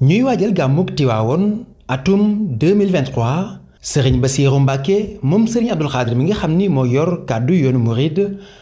ñuy waajal gàmmug Tiwaawoon atum 2023 ba Basiiru Mbàkke moom sëriñ Abdul Xaadir mi nga xam ni moo yor kàddu yoonu murid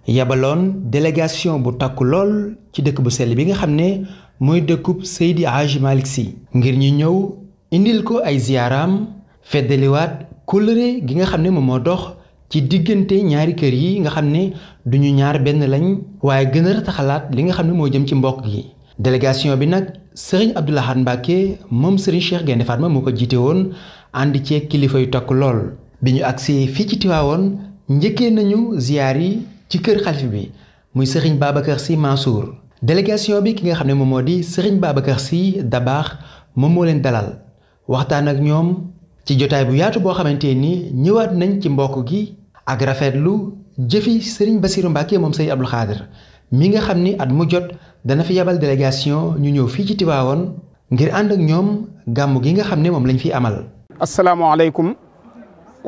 yabaloon délégation bu takku lool ci dëkk bu sell bi nga xam ne mooy dëkku Seydi Hadji Malick Sy ngir ñi ñëw indil ko ay ziyaaraam feddaliwaat kóllëre gi nga xam ne moom moo dox ci diggante ñaari kër yi nga xam ne duñu ñaar benn lañ waaye gën a rataxalaat li nga xam ne moo jëm ci mbokk gi délégation bi nag sëriñ Abdou Lahad Mbacke moom sëriñ Cheikh Gaynde Fatma moo ko jiite woon ànd ceeg kilifa yu takk lool bi ñu agsee fii ci Tiwaawoon njëkkee nañu ziyaar yi ci kër xalif bi muy sëriñ Babacar Sy Mansour délégation bi ki nga xam ne moom moo di sëriñ Babacar Sy Dabaax moom moo leen dalal waxtaan ak ñoom ci jotaay bu yaatu boo xamante ni ñëwaat nañ ci mbokk gi ak rafetlu jëfi sëriñ Bassirou Mbacke moom sëriñ Abdou Khadr mi nga xam ni at mu jot dana fi yabal délégation ñu ñëw fii ci Tivaouane ngir ànd ak ñoom gàmm gi nga xam ne moom lañ fi amal. asalaamaaleykum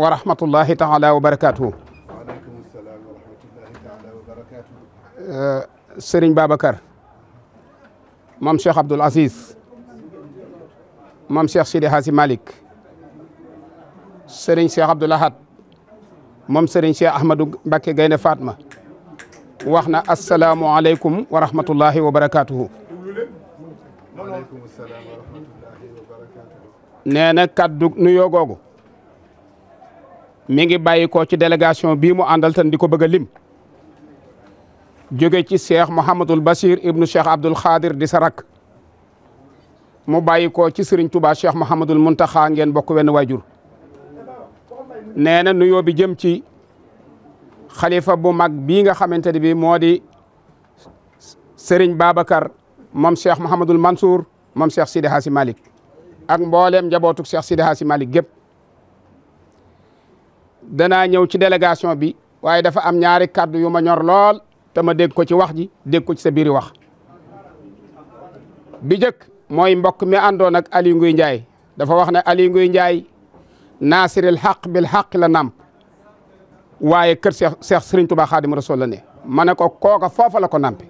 wa rahmatullahi taala wa barakaatu. Euh, Serigne Babacar. maam Cheikh Abdoul Aziz. maam Cheikh Sidi Hasi Malick. Serigne Cheikh Abdoul Ahad moom Serigne Cheikh Ahmadou Mbacké Gaynde faatma wax na asalaamualeykum wa rahmatullahi wa barakaatuhu. nee na kaddu nuyoo googu mi ngi bàyyi ko ci délégation bii mu àndal tan di ko bëgg a lim. jóge ci cheikh Mouhamadul Bachir ibnu cheikh Abdoul Khadir di Sarak mu bàyyi ko ci Serigne Touba cheikh Mouhamadul Mountakha ngeen bokk wenn waajur nee na bi jëm ci. xalifa bu mag bii nga xamante ne bii moo di Serigne Babacar moom Cheikh Mouhamadul Mansour moom Cheikh Sidi Hassi malik ak mbooleem njabootug Cheikh Sidi Hassi Malick gépp danaa ñëw ci délégation bi waaye dafa am ñaari kàddu yu ma ñor lool te ma dégg ko ci wax ji dégg ko ci sa biir wax bi njëkk mooy mbokk mi àndoon ak Aliou Nguy Ndiaye dafa wax ne Aliou Nguy njaay naasiril xaq bil xaq la nàmp waaye kër Cheikh Cheikh Serigne Touba Khadim Rasoul la ne ma ne ko kooka foofa la ko nampe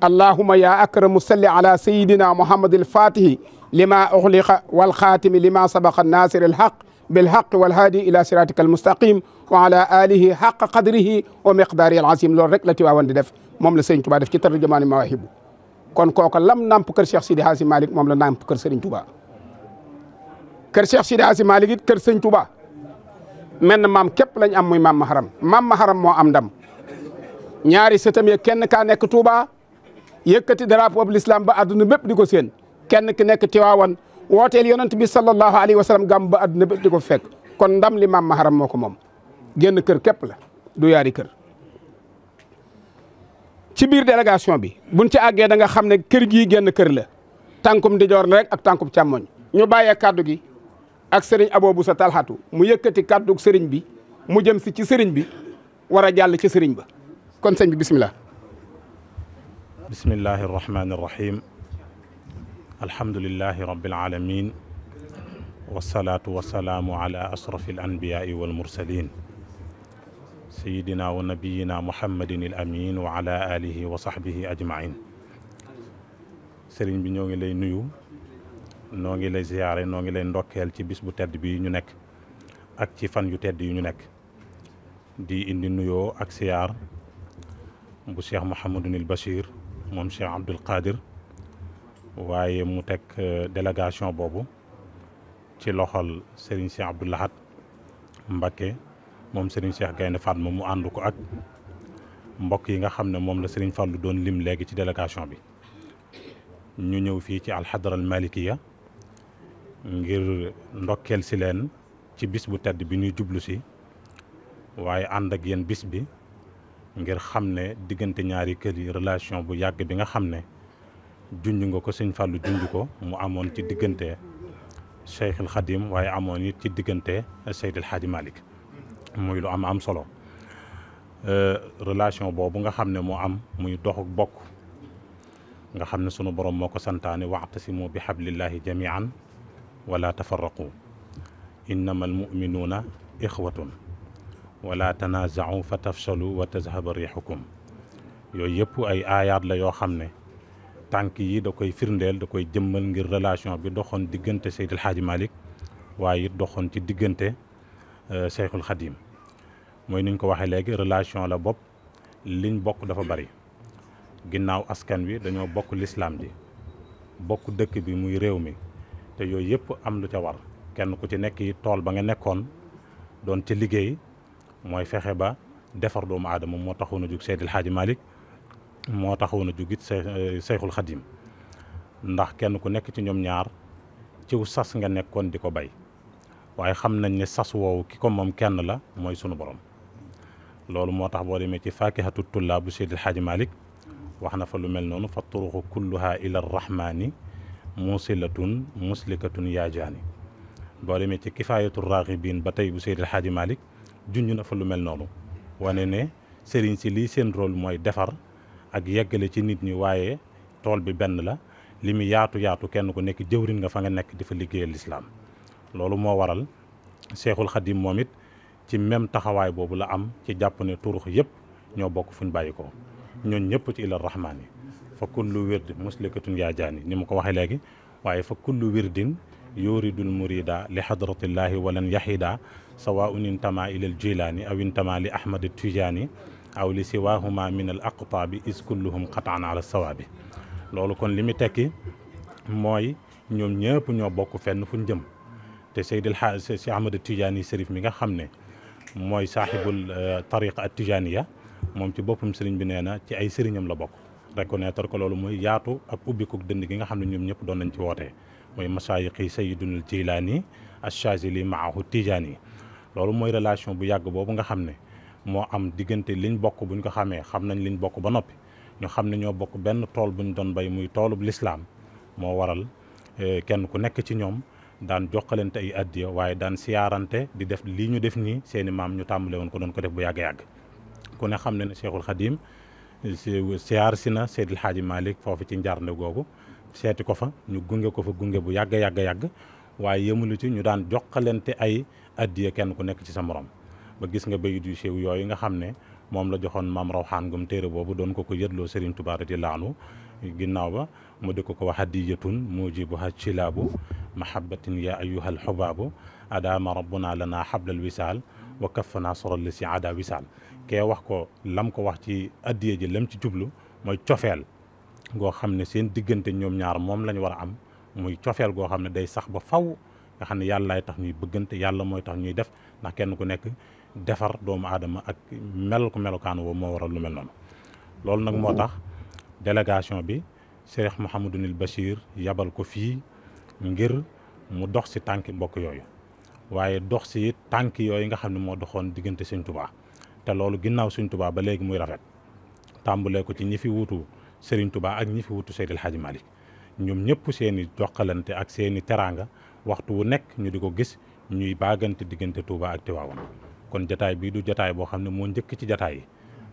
allahuma ya akramu salli ala sayidina muhammadil fatihi lima uxliqa wal xaatimi lima sabaqa nasir al haq bil haq wal haadi ila siratika al mustaqim wa ala alihi haq qadrihi wa miqdaari al azim loolu rek la Tiwaawan di def moom la Serigne Touba def ci tarjumaani mawaahibu kon kooka lam namp kër Cheikh Sidi Hasi Malick moom la namp kër Serigne Touba kër Cheikh Sidi Hasi Malick it kër Serigne Touba menn maam képp lañ am muy maam maharam maam maharam moo am ndam ñaari sëtam ya kenn kaa nekk Touba yëkkati drapeau bu l'islam ba adduna bépp di ko séen kenn ki nekk Tiwaawan wooteel yonent bi sallallahu alayhi wa sallam gàmm ba adduna bépp di ko fekk kon ndam li maam maharam moo ko moom génn kër képp la du yaari kër ci biir délégation bi buñ ci àggee da nga xam ne kër gii genn kër la tànkum ndijoor la rek ak tànkum càmmoñ ñu bàyyee kàddu gi ak sëriñ aboobu sa talxatu mu yëkkati kàddu sëriñ bi mu jëm si ci sëriñ bi war a jàll ci sëriñ ba kon sëñ bi bisimilah. bismillahi arrahmani arrahim alhamdulilahi rabbil alamin wasalaatu wasalaamu ala asrafi al bi ñoo ngi lay nuyu noo ngi lay ziyaare noo ngi lay ndokkeel ci bis bu tedd bi ñu nekk ak ci fan yu tedd yu ñu nekk di indi nuyoo ak siyaar bu cheikh Mouhamadunil Bachir moom cheikh Abdoul Qadir waaye mu teg euh, délégation boobu ci loxol Serigne Cheikh Abdoul Ahad Mbacké moom Serigne Cheikh Gaynde Fatma mu ànd ko ak mbokk yi nga xam ne moom la Serigne Fallou doon lim léegi ci délégation bi ñu ñëw fii ci alxadara al malikiya ngir ndokkeel si leen ci bis bu tedd bi ñuy jublu si waaye ànd ak yéen bis bi ngir xam ne diggante ñaari kër yi relation bu yàgg bi nga xam ne junj nga ko sëñ Fallou junj ko mu amoon ci diggante Cheikhul Khadim waaye amoon it ci diggante Seydil Hadji Malick muy lu am am solo euh, relation boobu nga xam ne moo am muy dox ak bokk nga xam ne sunu borom moo ko santaane waxtasimu bi hablillahi jamian wala tafarraqu inna almuminuuna ixwatun wala tanaazacu fa tafsalu wa tazhaba riixukum yooyu yëpp ay ayaat la yoo xam ne tànk yi da koy firndeel da koy jëmmal ngir relation bi doxoon diggante Seydil Hadji malik waaye it doxoon ci diggante Seyxul euh, Xadim mooy niñ ko waxee léegi relation la bopp liñ bokk dafa bari ginnaaw askan wi dañoo bokk lislaam ji bokk dëkk bi muy réew mi te yooyu yëpp am lu ca war kenn ku ci nekk tool ba nga nekkoon doon ca liggéey mooy fexe ba defar doomu aadama moo taxoon a jug Seydil Hadji malik moo taxoon a jug it euh, Seyxul Xadim ndax kenn ku nekk ci ñoom ñaar ciw sas nga nekkoon di ko bay waaye xam nañ ne sas woowu ki ko moom kenn la mooy sunu borom loolu moo tax boo demee ci faakihatu tullaa bu Seydil Hadji Malick wax na fa lu mel noonu fa turuxu kulluha ila rahmaani musilatun muslikatun yaa jaani boo demee ci kifaayatu raaxibiin ba tey bu Seydil Xaaji Malick junj na fa lu mel noonu wane ne sëriñ si lii seen rôle mooy defar ak yeggale ci nit ñi waaye tool bi benn la li mu yaatu yaatu kenn ku nekk jëwrin nga fa nga nekk di fa liggéey lislaam loolu moo waral Seexul Xadim moom it ci même taxawaay boobu la am ci jàpp ne turux yëpp ñoo bokk fu ñu bàyyi ko ñooñ ñëpp ci ilal rahmaan yi fa kullu wird muslikatun yaa jaani ni ma ko waxe léegi waaye fa kullu wirdin yuridul murida li hadratillahi walan yahida sawaun intama ila al jilani aw intama li ahmad tijani aw li siwahuma min al aqtaabi is kulluhum qataan ala sawaabi loolu kon li mu tekki mooy ñoom ñëpp ñoo bokk fenn fu ñu jëm te Seydil Ha si Ahmad Tijaani Serif mi nga xam ne mooy saaxibul eh, tariqa at tijaaniya moom ci boppam sëriñ bi nee na ci ay sëriñam la bokk reconnaître ko loolu mooy yaatu ak ubbiku dënd gi nga xam ne ñoom ñëpp doon nañ ci wootee mooy masaayixi sayidunul jilaani achazili maahu tijaani loolu mooy relation bu yàgg boobu nga xam ne moo am diggante liñ bokk buñ ko xamee xam nañ liñ bokk ba noppi ñu xam ne ñoo bokk benn tool buñ doon bay muy toolub lislaam moo waral eh, kenn ku nekk ci ñoom daan jokkalante ay addiya waaye daan siyaarante di def lii ñu def nii seeni maam ñu tàmbale woon ko doon ko def bu yàgg-yàgg siyaar si na Seydil Xaaji Malick foofu ci njarnde googu seeti ko fa ñu gunge ko fa gunge bu yàgg yàgg yàgg waaye yëmulu ci ñu daan joxalante ay addiya kenn ku nekk ci sa morom ba gis nga bayit yu siiw yooyu nga xam ne moom la joxoon maam xaan gum téere boobu doon ko ko yëtloo Serigne Touba radiyallaahu anhu ginnaaw ba mu di ko ko wax hadiyatun mujibuha cilaabu mahabbatin ya ayyuha alxubaabu adaama la lana xablal wisaal wa kaffana soralli si ada wisaal kee wax ko lam ko wax ci addiye ji lam ci jublu mooy cofeel goo xam ne seen diggante ñoom ñaar moom lañu war a am muy cofeel goo xam ne day sax ba faw nga xam ne yàllaay tax ñuy bëggante yàlla mooy tax ñuy def ndax kenn ku nekk defar doomu aadama ak mel ko melokaan woo moo waral lu mel noonu loolu nag moo tax délégation bi Cheikh Mouhamadunil Bachir yabal ko fii ngir mu dox si tànki mbokk yooyu waaye dox si tànk yooyu nga xam ne moo doxoon diggante Sëñ te loolu ginnaaw Sëriñ Tuubaa ba léegi muy rafet tàmbalee ko ci ñi fi wutu Sëriñ Tuubaa ak ñi fi wutu Seydil Hadji Malick ñoom ñëpp seen i jokkalante ak seeni i teraanga waxtu wu nekk ñu di ko gis ñuy baagante diggante Touba ak Tiwaawan kon jataay bii du jataay boo xam ne moo njëkk ci jataay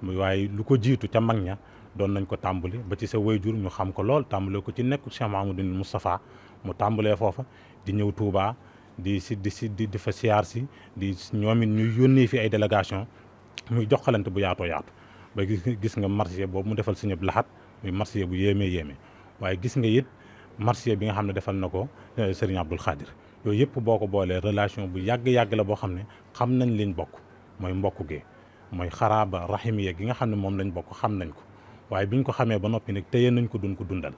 yi waaye lu ko jiitu ca mag ña doon nañ ko tàmbali ba ci sa wayjur ñu xam ko lool tàmbale ko ci nekku Cheikh Mahamadou Moustapha mu tàmbalee foofa di ñëw tuubaa di si di di fa si di ñoom it ñuy yónnee délégation muy jox xalante bu yaatoo yaatu ba gis nga marché boobu mu defal Sëñ Laxat muy marché bu yéemee yéemee waaye gis nga it marché bi nga xam ne defal na ko eh, Serigne Abdoul Khadir yooyu yëpp boo ko boolee relation bu yàgg-yàgg la boo xam ne xam nañ liñ bokk mooy mbokk gee mooy xaraaba rahimiya gi nga xam ne moom lañ bokk xam nañ ko waaye bu ñu ko xamee ba noppi nag téye nañ ko duñ ko dundal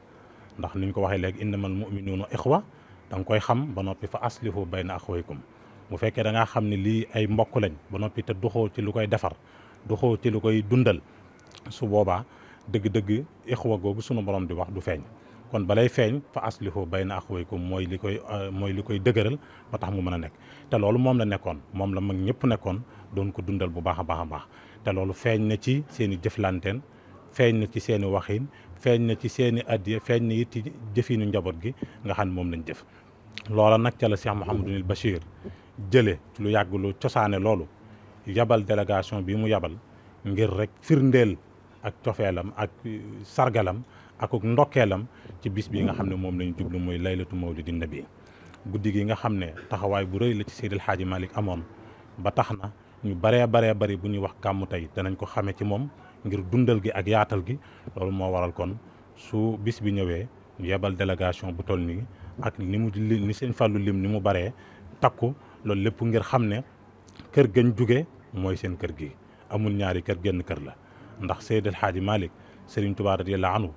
ndax niñ ko waxee léegi innamal muminuuna ixwa da nga koy xam ba noppi fa aslihu bayna axwaykum bu fekkee dangaa xam ne lii ay mbokk lañ ba noppi te duxoo ci lu koy defar duxoo ci lu koy dundal su boobaa dëgg-dëgg ixwa googu sunu borom di wax du feeñ kon balay feeñ fa aslihu bayna axwaykum mooy li koy euh, mooy li koy dëgëral ba tax mu mën a nekk te loolu moom la nekkoon moom la mag ñëpp nekkoon doon ko dundal bu baax a baax a baax te loolu feeñ na ci seen i jëflanteen feeñ na ci seen i waxin feeñ na ci seeni i addiya feeñ na it jëfinu njaboot gi nga xam ne moom lañ jëf loola nag ca la Cheikh Mouhamadou Bachir jële lu yàgg lu cosaane loolu yabal délégation bi mu yabal ngir rek firndeel ak cofeelam ak euh, sargalam ak ndokkeelam ci bis bi nga xam ne moom lañu jublu muy laylatu moo mawlidi bi guddi gi nga xam ne taxawaay bu rëy la ci Seydil Xaaji Malick amoon ba tax na ñu baree baree bari bu ñuy wax gàmmu tey danañ ko xame ci moom ngir dundal gi ak yaatal gi loolu moo waral kon su bis bi ñëwee ñu yebal bu toll nii ak ni mu li ni seen fàllu lim ni mu baree takku loolu lépp ngir xam ne kër gañ jóge mooy seen kër gi amul ñaari kër genn kër la ndax Seydil Xaaji Malick Serigne Touba radiyallahu anhu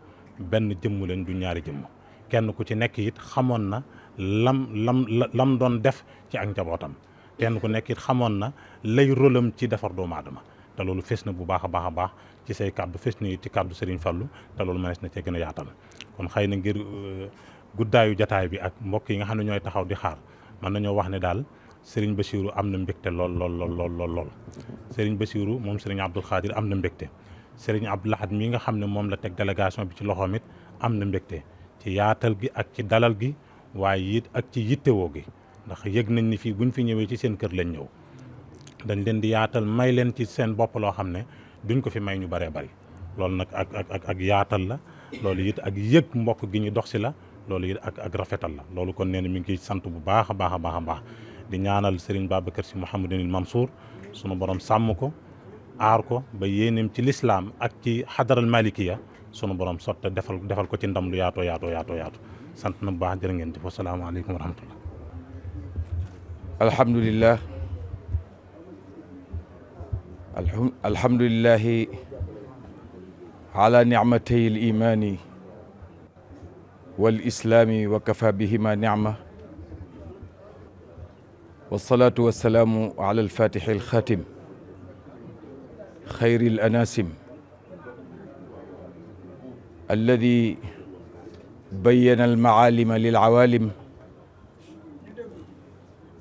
benn jëmm leen du ñaari jëmm kenn ku ci nekk it xamoon na lam lam lam doon def ci ak njabootam kenn ku nekk it xamoon na lay rôlam ci defar doomu aadama te loolu fes na bu baax a baax a baax ci say kàddu fes na ci kàddu Serigne Fallou te loolu mënees na cee gën a yaatal kon xëy na ngir euh, guddaayu jataay bi ak mbokk yi nga xam ne ñooy taxaw di xaar mën nañoo wax ne daal sëriñ Bachirou am na mbégte lool lool lool lool lool lool sëriñ Bachirou moom sëriñ Abdoul Khadir am na mbégte sëriñ Abdoul Ahad mi nga xam ne moom la teg délégation bi ci loxoomit am na mbégte ci yaatal gi ak ci dalal gi waaye it ak ci yittewoo gi ndax yëg nañ ni fii bu buñ fi ñëwee ci seen kër lañ ñëw dañ leen di yaatal may leen ci seen bopp loo xam ne duñ ko fi may ñu bëree bari loolu nag ak ak ak yaatal la loolu it ak yëg mbokk gi ñu dox si la loolu it ak ak rafetal la loolu kon nee na mi ngi ciy sant bu baax a baax a baax di ñaanal Serigne Babacar Sy Mouhamadinil Mansour sunu borom sàmm ko aar ko ba yéeneem ci lislaam ak ci xadaral malikiya sunu borom sotta defal defal ko ci ndam lu yaatoo yaatoo yaatoo sant na bu baax jërë ngeen jëf asalaamaaleykum wa rahmatullah alhamdulillah alhamdulillahi ala nicmatay al imaani wal wasalaatu wasalaamu ala alfatixi alxaatim xayri alanasim alladi bayyana almacaalima lilcawaalim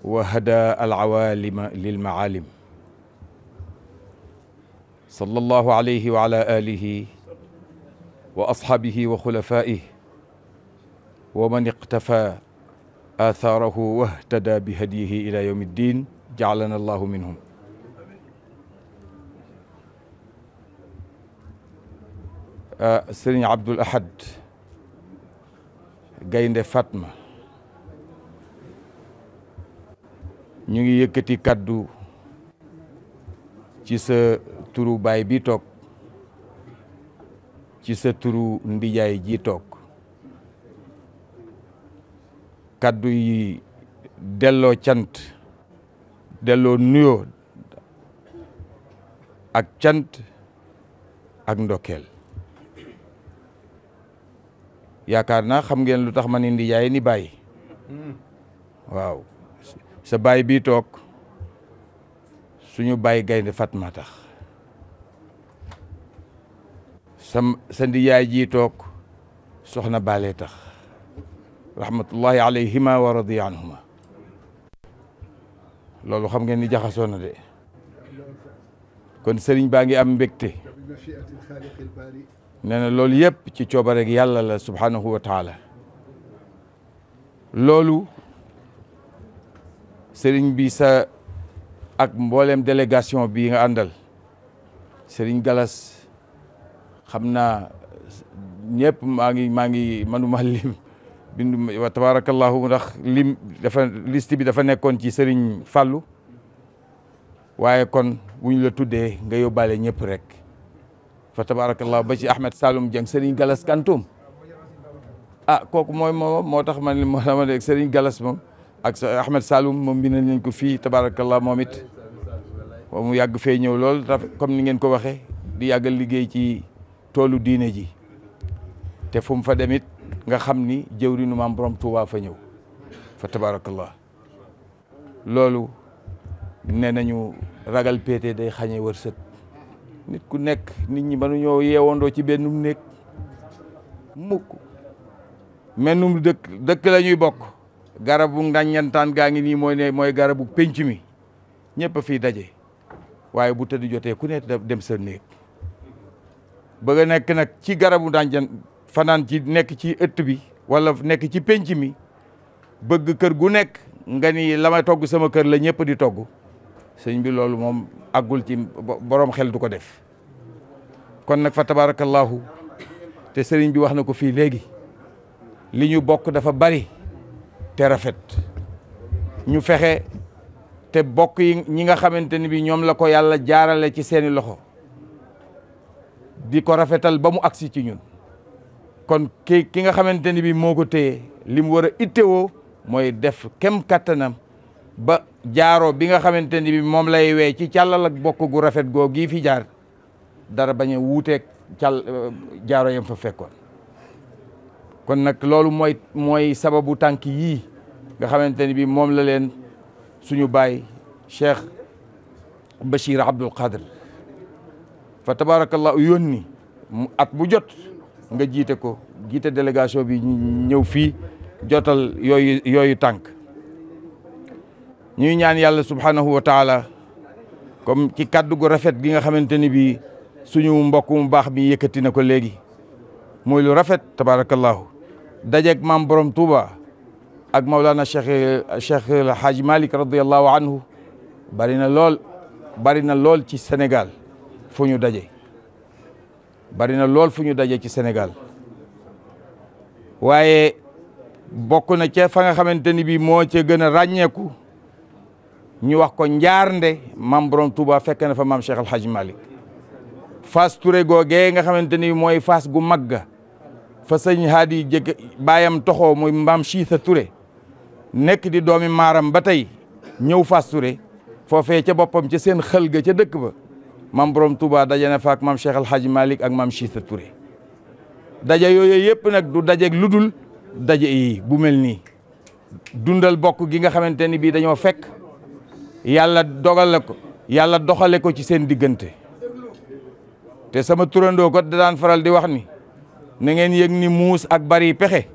wa hada alcawaalima lilmacaalim sallallahu alayhi wa ala alihi wa asxaabihi wa xulafaa'ihi wa man iqtafaa athaarahu wahtada bi hadiyihi ila yawmi ddin jaalana allahu minhum sëriñ Abdul Ahad Gaynde Fatma ñu ngi yëkkati kaddu ci sa turu baay bi toog ci sa turu ndijaay ji toog kaddu yi delloo cant delloo nuyoo ak cant ak ndokkeel yaakaar na xam ngeen lu tax ma ni ndi ni bàyyi waaw sa baay bi toog suñu baay gaynde Fatma tax sa sa ndi toog soxna baalee tax rahmatullahi alayhima wa radiya anhuma loolu xam ngeen ni jaxasoo na de kon sëriñ baa ngi am mbégte nee na loolu yëpp ci coobareg yàlla la subhanahu wa taala loolu sëriñ bi sa ak mboolem délégation bi nga àndal sëriñ Galas xam naa ñëpp maa ngi maa ngi manuma lim bindu wa tabaarakallahu ndax lim dafa liste bi dafa nekkoon ci Serigne Fallou waaye kon bu ñu la tuddee nga yóbbaale ñëpp rek fa tabaarakallahu ba ci Ahmed salum Dieng Serigne Galas Kantoum ah kooku mooy moom moo tax man moo dama ne Serigne Galas moom ak Ahmed salum moom bindal nañ ko fii tabaarakallahu moom it mu yàgg fee ñëw lool comme ni ngeen ko waxee di yàggal liggéey ci toolu diine ji te fu fa demit nga xam ni jëwriñu maam borom Touba fa ñëw fa tabarakallah loolu nee nañu ragal péete day xañee wërsëg nit ku nekk nit ñi mënu ñoo yeewandoo ci bennum néeg mukk mennum dëkk dëkk la ñuy bokk garabu ngàññantaan gaa ngi nii mooy mooy garabu pénc mi ñëpp a daje waaye bu tëdd jotee ku ne dem sa néeg bëgg a nekk nag ci garabu ngàññan fanaan ci nekk ci ëtt bi wala nekk ci pénc mi bëgg kër gu nekk nga ni la togg sama kër la ñëpp di togg sëñ bi loolu moom àggul ci boroom xel du ko def kon nag fa tabarakallahu te sëriñ bi wax na ko fii léegi li ñu bokk dafa bari te rafet ñu fexe te bokk yi ñi nga xamante ni bi ñoom la ko yàlla jaarale ci seeni loxo di ko rafetal ba mu agsi ci ñun kon ki ki nga xamante ni bi moo ko téye li mu war a ittewoo mooy def kem kattanam ba jaaroo bi nga xamante ni bi moom lay wee ci càllal ak bokk gu rafet goo gii fi jaar dara bañ a wuuteeg euh, jaaro yam fa fekkoon kon nag loolu mooy sababu tànk yii nga xamante ni bi moom la leen suñu baay Cheikh Bachir Abdoul Khadr fa tabarakallahu yónni at bu jot nga jiite ko jiite délégation bi ñëw fii jotal yooyu yooyu tànk ñuy ñaan yàlla subhanahu wa taala comme ci kàddu gu rafet gi nga xamante ni bii suñu mbokk mu baax mi yëkkati na ko léegi mooy lu rafet tabarakallahu dajeeg maam borom Touba ak Maulana Cheikh Cheikh El Hadj Malick anhu bari na lool bari na lool ci senegal foo ñu daje. bari na lool fu ñu daje ci senegal waaye bokk na ca fa nga xamante ni bii moo ca gën a ràññeeku ñu wax ko Njaarnde maam borom Touba fekk na fa maam Cheikh Al Hadj Malick Fass googee nga xamante ni mooy fas gu magga fa sëñ Haadi jëkk baayam toxoo muy maam Chiisa ture nekk di doomi maaram ba tey ñëw Fass Touré foofee ca boppam ca seen xël ga ca dëkk ba mam borom Touba daje na fa ak mam Cheikh El Hadj ak mam Cissé Touré daje yooyu yëpp nag du dajeeg lu dul daje yi bu mel nii dundal bokk gi nga xamante ni bii dañoo fekk yàlla dogale ko yàlla doxale ko ci seen diggante te sama turandoo ko da daan faral di wax ni na ngeen yëg ni muus ak bari pexe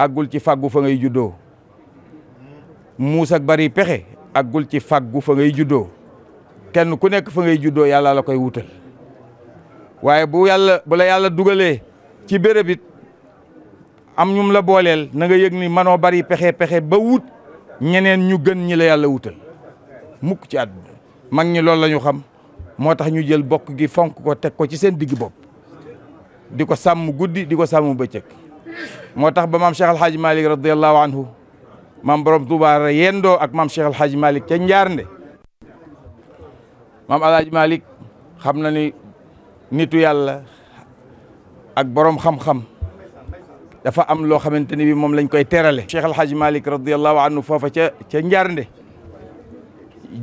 ak aggul ci fàggu fa ngay juddoo muus ak bari pexe ak aggul ci fàggu fa ngay juddoo kenn ku nekk fa ngay juddoo yàlla la koy wutal waaye bu yàlla bu la yàlla dugalee ci béréb it am ñum la booleel na nga yëg ni manoo bari pexe pexe ba wut ñeneen ñu gën ñi la yàlla wutal mukk ci àdduna mag ñi loolu la ñu xam moo tax ñu jël bokk gi fonk ko teg ko ci seen digg bopp di ko sàmm guddi di ko sàmm bëccëg moo tax ba maam Cheikh Al Hadj Malick radiyallahu anhu maam borom Touba yendoo ak maam Cheikh Al Hadj Malick ca Njaarnde maam Alaaji Malik xam na ni nitu yàlla ak borom xam-xam dafa am loo xamante ni bi moom lañ koy terale Cheikh El Hadj Malik radiallahu anhu foofa ca ca njaarnde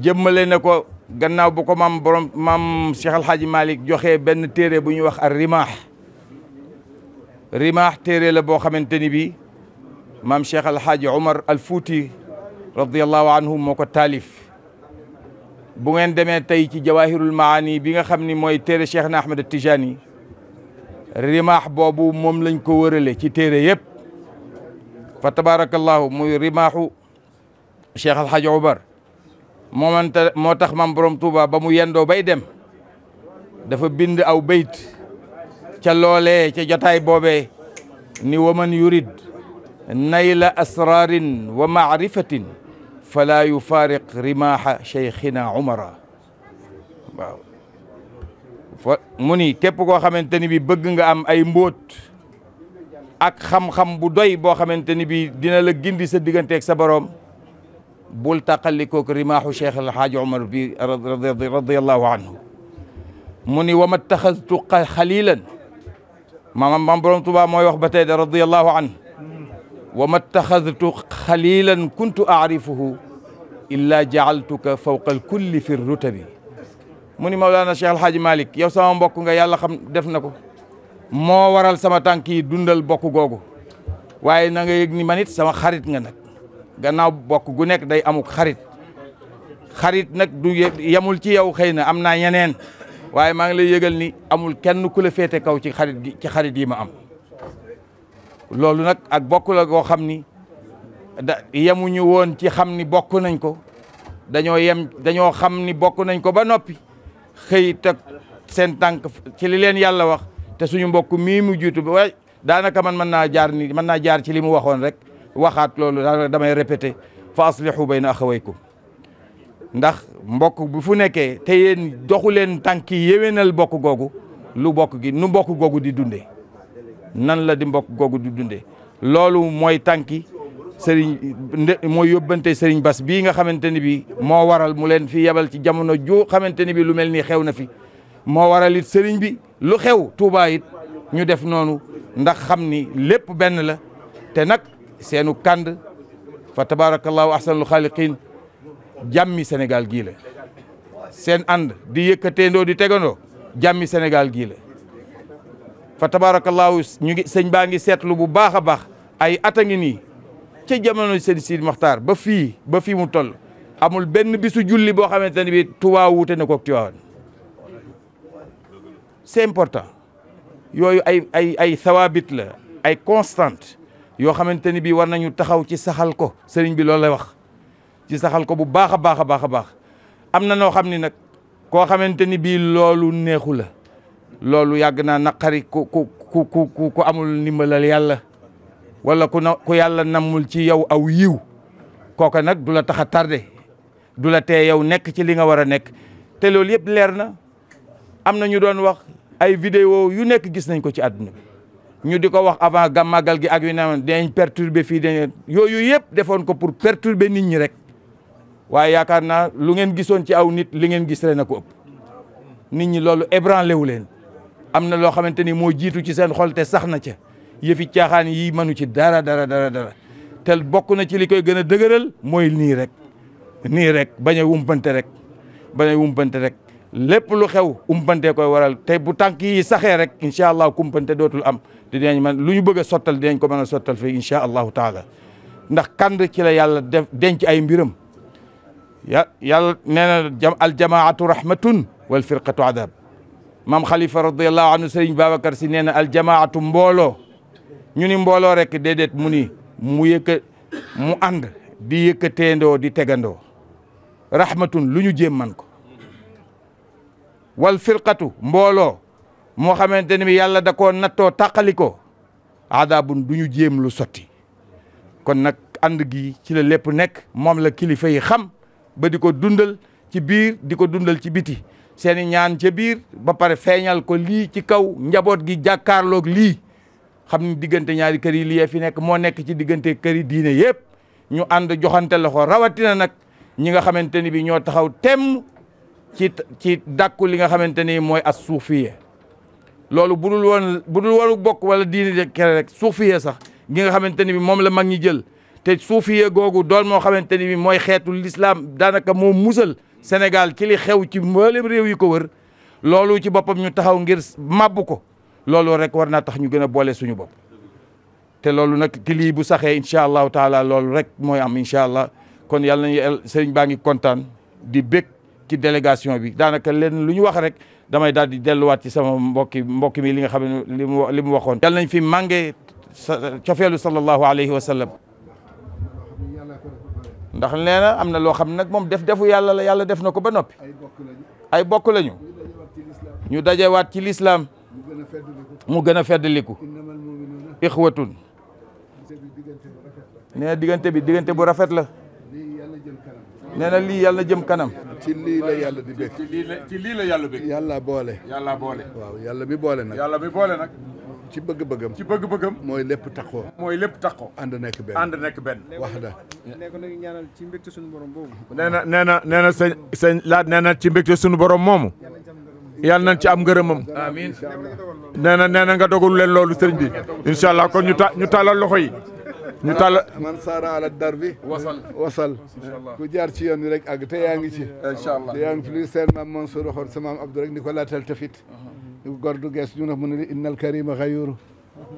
jëmmale na ko gannaaw bu ko maam borom maam Cheikh El Malik joxe benn téere bu ñuy wax ar rimaax rimaax téere la boo xamante ni bi maam Cheikh El Hadj Omar al anhu moo ko taalif bu ngeen demee tey ci jawahirul maani bi nga xam ni mooy téere Cheikh na Ahmed Tijani rimaax boobu moom lañ ko wërale ci téere yëpp fa tabarakallahu mu rimaaxu Cheikh Al Hadj Oumar moo tax mam borom Touba ba mu yendoo bay dem dafa bind aw bayt ca loolee ca jotaay boobee ni waman yurid nayla asrarin wa fala yufaariq rimaha cheikhina umara waaw mu ni képp koo xamante ni bi bëgg nga am ay mbóot ak xam-xam bu doy boo xamante ni bi dina la gindi sa digganteeg sa boroom bul tàqalikook rimaahu cheikh alhaaji omar bi radiallahu anhu mu ni wa ma taxastu xalilan maam maam borom Tuubaa mooy wax ba tey de radiallahu anhu wa ma taxadtu xalilan kuntu aarifuhu illa jaaltuka fawqa alkulli fi rutabi mu ni Mawlana Cheikh Alhaaji malik yow sama mbokku nga yàlla xam def na ko moo waral sama tànk yi dundal bokk googu waaye na nga yëg ni man sama xarit nga nag gannaaw bokk gu nekk day amuk xarit xarit nag du yemul ci yow xëy na am naa ñeneen waaye maa ngi lay yëgal ni amul kenn ku la féete kaw ci xarit gi ci xarit yi ma am loolu nag ak bokk la goo xam ni da yemuñu woon ci xam ni bokk nañ ko dañoo yem dañoo xam ni bokk nañ ko ba noppi xëy teg seen tànk ci li leen yàlla wax te suñu mbokk mii mu jiitu ba waaye daanaka man mën naa jaar ni mën naa jaar ci li mu waxoon rek waxaat loolu daanaka damay répété fa aslihu bayna ko ndax mbokk bu fu nekkee te yéen doxu leen tànk yi yéwénal bokk googu lu bokk gi nu bokk googu di dundee nan la di mbokk googu di dundee loolu mooy tànki sëriñ mooy yóbbante sëriñ Bas bii nga xamante ni bi moo waral mu leen fi yebal ci jamono ju xamante ni bi lu mel nii xew na fi moo waralit sëriñ bi lu xew Touba ñu def noonu ndax xam ni lépp benn la te nag seenu kànd fa tabarakallahu ahsanul xaaliqin jàmmi senegal giila seen ànd di yëkkateendoo di tegandoo jàmmi Sénégal gii la fa tabaarakallaahu ñu ngi sëñ baa ngi seetlu bu baax a baax ay at a ngi nii ca jamono sëñ Sidi Maxtaar ba fii ba fii mu toll amul benn bisu julli boo xamante ne bii Tuubaa wuute na koog Tiwaawan c'est important yooyu ay ay ay sawaabit la ay constante yoo xamante ni bii war nañu taxaw ci saxal ko sëriñ bi loolu lay wax ci saxal ko bu baax a baax a baax a baax am na noo xam ni nag koo xamante ni bii loolu neexu la loolu yàgg naa naqari ku ku ku ku ku amul ndimbalal yàlla wala ku na ku yàlla nammul ci yow aw yiw kooka nag du la tax a tardé du la te yow nekk ci li nga war a nekk te loolu yëpp leer na am na ñu doon wax ay vidéo yu nekk gis nañ ko ci àdduna bi ñu di ko wax avant gam màggal gi ak yu ne dañ perturber fii dañ yooyu yëpp defoon ko pour perturber nit ñi rek waaye yaakaar naa lu ngeen gisoon ci aw nit li ngeen gis rek na ko nit ñi loolu ébranlé wu leen am na loo xamante ni moo jiitu ci seen xol te sax na ca yëfi caaxaan yi mënu ci dara dara tel bokk na ci li koy gën a dëgëral mooy nii rek nii rek bañ a umpante rek bañ a umpante rek lépp lu xew umpante koy waral te bu tànk yi saxee rek incha allah kumpante dootul am te dinañ man lu ñu bëgg a sottal dinañ ko mën a sottal fii incha allahu taala ndax kand ci la yàlla def denc ay mbiram ya yàlla nee na aljamaatu rahmatun wal firqatu adab maam xalifa radiallahu anhu sëriñ Babacar si nee na aljamaatu mbooloo ñu ni mbooloo rek déedéet mu ni mu yëkka mu ànd di yëkkateendoo di tegandoo rahmatun lu ñu jéem man ko wal firqatu mbooloo moo xamante ne bi yàlla da koo nattoo tàqali ko aadaabun du ñu jéem lu sotti kon nag ànd gi ci la lépp nekk moom la kilifa yi xam ba di ko dundal ci biir di ko dundal ci biti seen i ñaan ca biir ba pare feeñal ko lii ci kaw njaboot gi jàkkaarlook lii xam ni diggante ñaari kër yi lii fi nekk moo nekk ci diggante kër yi diine yëpp ñu ànd joxante loxo rawatina nag ñi nga xamante ni bi ñoo taxaw temm ci ci dàkku li nga xamante ni mooy as suufiye loolu budul woon budul woonu bokk wala diine kere rek suufiye sax gi nga xamante ni bi moom la mag ñi jël te suufiye googu doon moo xamante ni bi mooy xeetu lislaam daanaka moo musal Sénégal ci li xew ci mboolem réew yi ko wër loolu ci boppam ñu taxaw ngir màbb ko loolu rek war naa tax ñu gën a boole suñu bopp. te loolu nag ci lii bu saxee incha allahu taala loolu rek mooy am incha allah kon yàlla nañu sëriñ baa ngi kontaan di bég ci délégation bi daanaka leen lu ñu wax rek damay daal di delluwaat ci sama mbokki mbokki mi li nga xam ne li mu li mu waxoon. yàlla nañ fi màngee sa cofeelu sallallahu alayhi wa sallam. ndax nee na am na loo xam nag moom def defu yàlla la yàlla def na ko ba noppi ay bokk lañu ñu dajewaat ci lislaam mu gën a feddaliku ixwatun nee na diggante bi diggante bu rafet la nee na lii yàlla jëm kanam ci lii la yàlla di bég ci lii la yàlla bég yàlla boole yàlla boole yàlla mi boole nag yàlla mi boole nag ci bëgg-bëggam ci bëgg-bëggam mooy lépp taxoo mooy lépp taxoo ànd nekk benn ànd nekk benn wax da nee ko ci suñu borom boobu nee na nee na nee na sëñ sëñ laat nee na ci mbégte suñu borom moomu yàlla nañ ci am ngërëmam amiin nee na nee na nga dogalu leen loolu sëriñ bi incha allah kon ñu ta ñu tàllal loxo yi ñu ah, tàll man saara ala dar bi wasal wasal ku jaar ci yoon wi rek ag te yaa ngi ci incha allah te yaa ngi ci li seen maam Mansour waxoon sa ni ko laatal tafit uh-huh. góor du gees ñu ne mu ne innal karima xayuru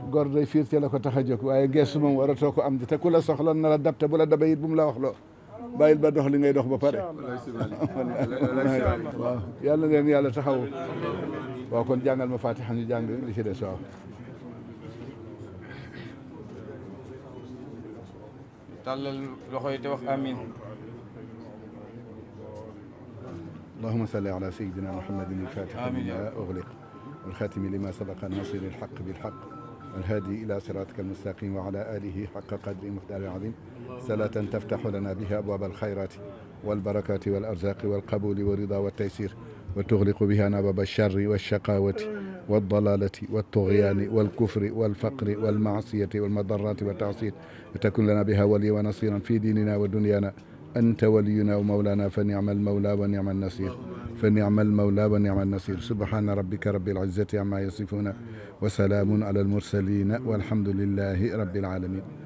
góor day fiir te la ko tax a jóg waaye geesu moom waratoo ko am di te ku la soxla na la dab te bu la dabee it bu mu la wax loo bàyyil ba dox li ngay dox ba pare waaw yàlla leen yàlla taxaw waaw kon jàngal ma fatiha ñu jàng li ci des waaw tàllal loxo yi te wax amin allahuma salli ala sayidina muhammadin alfatih lima ughliq والخاتم لما سبق الناصر الحق بالحق والهادي إلى صراطك المستقيم وعلى آله حق قدر مقدار العظيم صلاة تفتح لنا بها أبواب الخيرات والبركات والأرزاق والقبول والرضا والتيسير وتغلق بها أبواب الشر والشقاوة والضلالة والطغيان والكفر والفقر والمعصية والمضرات والتعصير وتكن لنا بها ولي ونصيرا في ديننا ودنيانا أنت ولينا ومولانا فنعم المولى ونعم النصير fa niamal mawla wa niamal nasir subhaana rabbika rabbil izzati amma yasifuuna wa salaamun ala al mursalina walhamdulillahi rabbil alamin